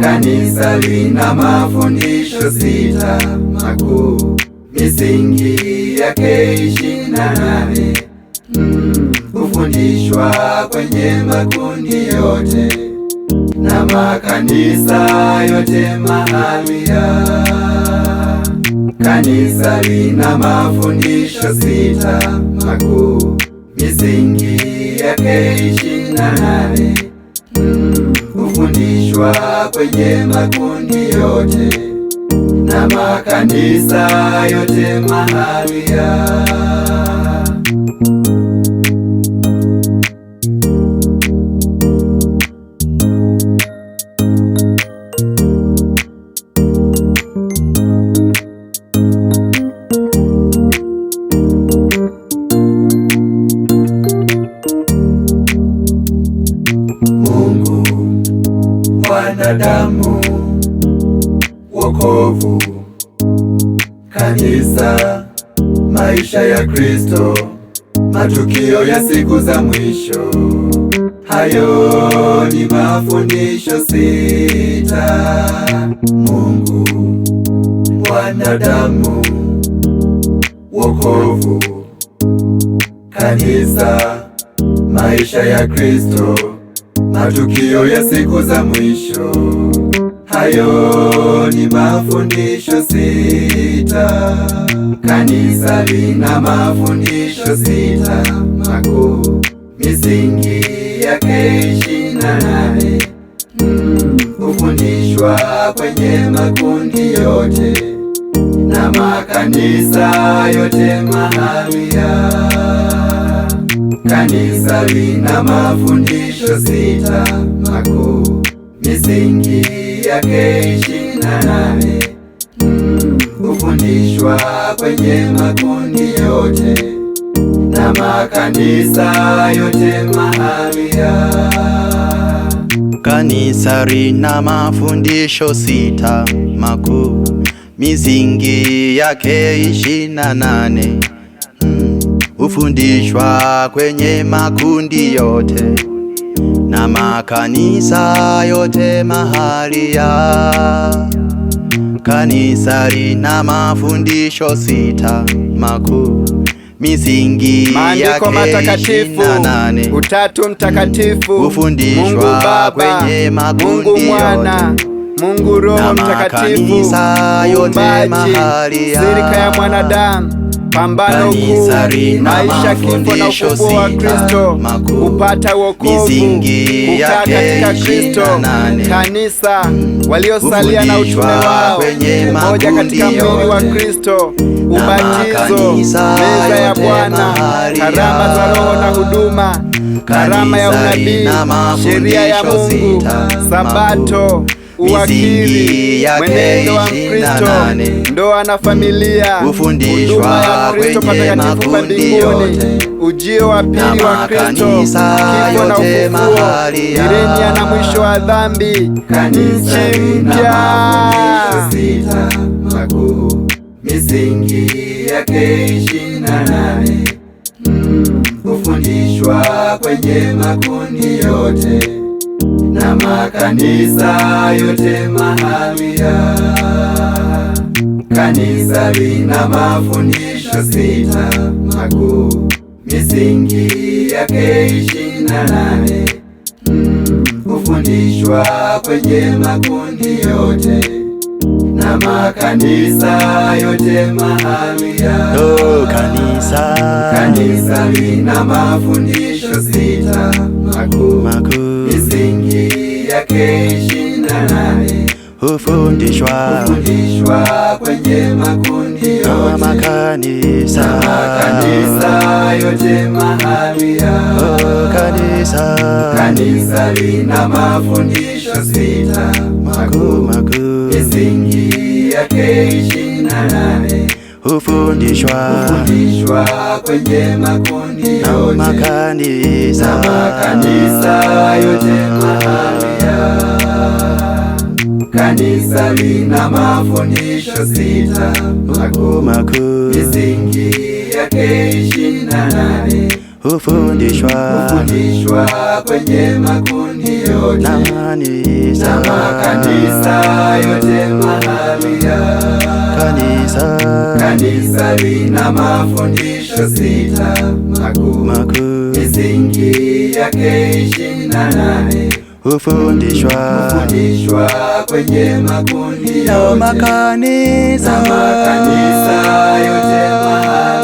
Kanisa lina mafundisho sita makuu, misingi yake ishirini na nane hmm, hufundishwa mm, kwenye makundi yote na makanisa yote mahalia Kanisa lina mafundisho sita makuu, misingi yake ishirini na nane hmm, hufundishwa mm, kwenye makundi yote na makanisa yote mahali ya wanadamu, wokovu, kanisa, maisha ya Kristo, matukio ya siku za mwisho. Hayo ni mafundisho sita: Mungu, wanadamu, wokovu, kanisa, maisha ya Kristo matukio ya siku za mwisho. Hayo ni mafundisho sita, kanisa lina mafundisho sita makuu, misingi yake ishirini na nane hmm, hufundishwa mm, kwenye makundi yote na makanisa yote mahalia. Kanisa lina mafundisho mafundisho sita makuu misingi yake ishirini na nane hufundishwa hmm, mm, kwenye makundi yote na makanisa yote mahalia. Kanisa rina mafundisho sita makuu misingi yake ishirini na nane hufundishwa hmm, mm, kwenye makundi yote na makanisa yote mahalia. Kanisa lina mafundisho sita makuu misingi maandiko matakatifu nane, Utatu Mtakatifu, Mungu Baba, kwenye Mungu Mwana, Mungu Roho Mtakatifu, Muumbaji, sirika ya mwanadamu pambano kuu, maisha, kifo na ufufuo wa Kristo, kupata wokovu, kukaa katika Kristo, kanisa, mm. waliosalia na utume wao, umoja katika mwili wa Kristo, ubatizo, meza ya Bwana, karama za Roho na huduma, karama ya unabii, sheria ya Mungu, Sabato misingi yake ishirini na nane ndoa na familia hufundishwa kwenye makundi yote ujio wa pili wa Kristo kifo na ufufuo Irenia na mwisho wa dhambi kanisa mpya misingi na nane hufundishwa hmm, kwenye makundi yote na makanisa yote mahali hapa. Kanisa lina mafundisho sita makuu, misingi yake ishirini na nane hufundishwa hmm, mm, kwenye makundi yote na makanisa yote mahali hapa. Oh, kanisa, kanisa lina mafundisho sita makuu makuu. Misingi yake ishirini na nane hufundishwa hufundishwa kwenye makundi na makanisa na makanisa yote mahali hapa. Kanisa kanisa lina mafundisho sita makuu makuu. Misingi yake ishirini na nane hufundishwa kwenye makundi na makanisa, makanisa yote mahalia. Kanisa lina mafundisho sita makuu makuu, misingi yake ishirini na nane hufundishwa kwenye makundi yote na makanisa yote mahalia kanisa Kanisa lina mafundisho sita makuu, misingi yake ishirini na nane hufundishwa hufundishwa kwenye makundi yote na makanisa yote mahali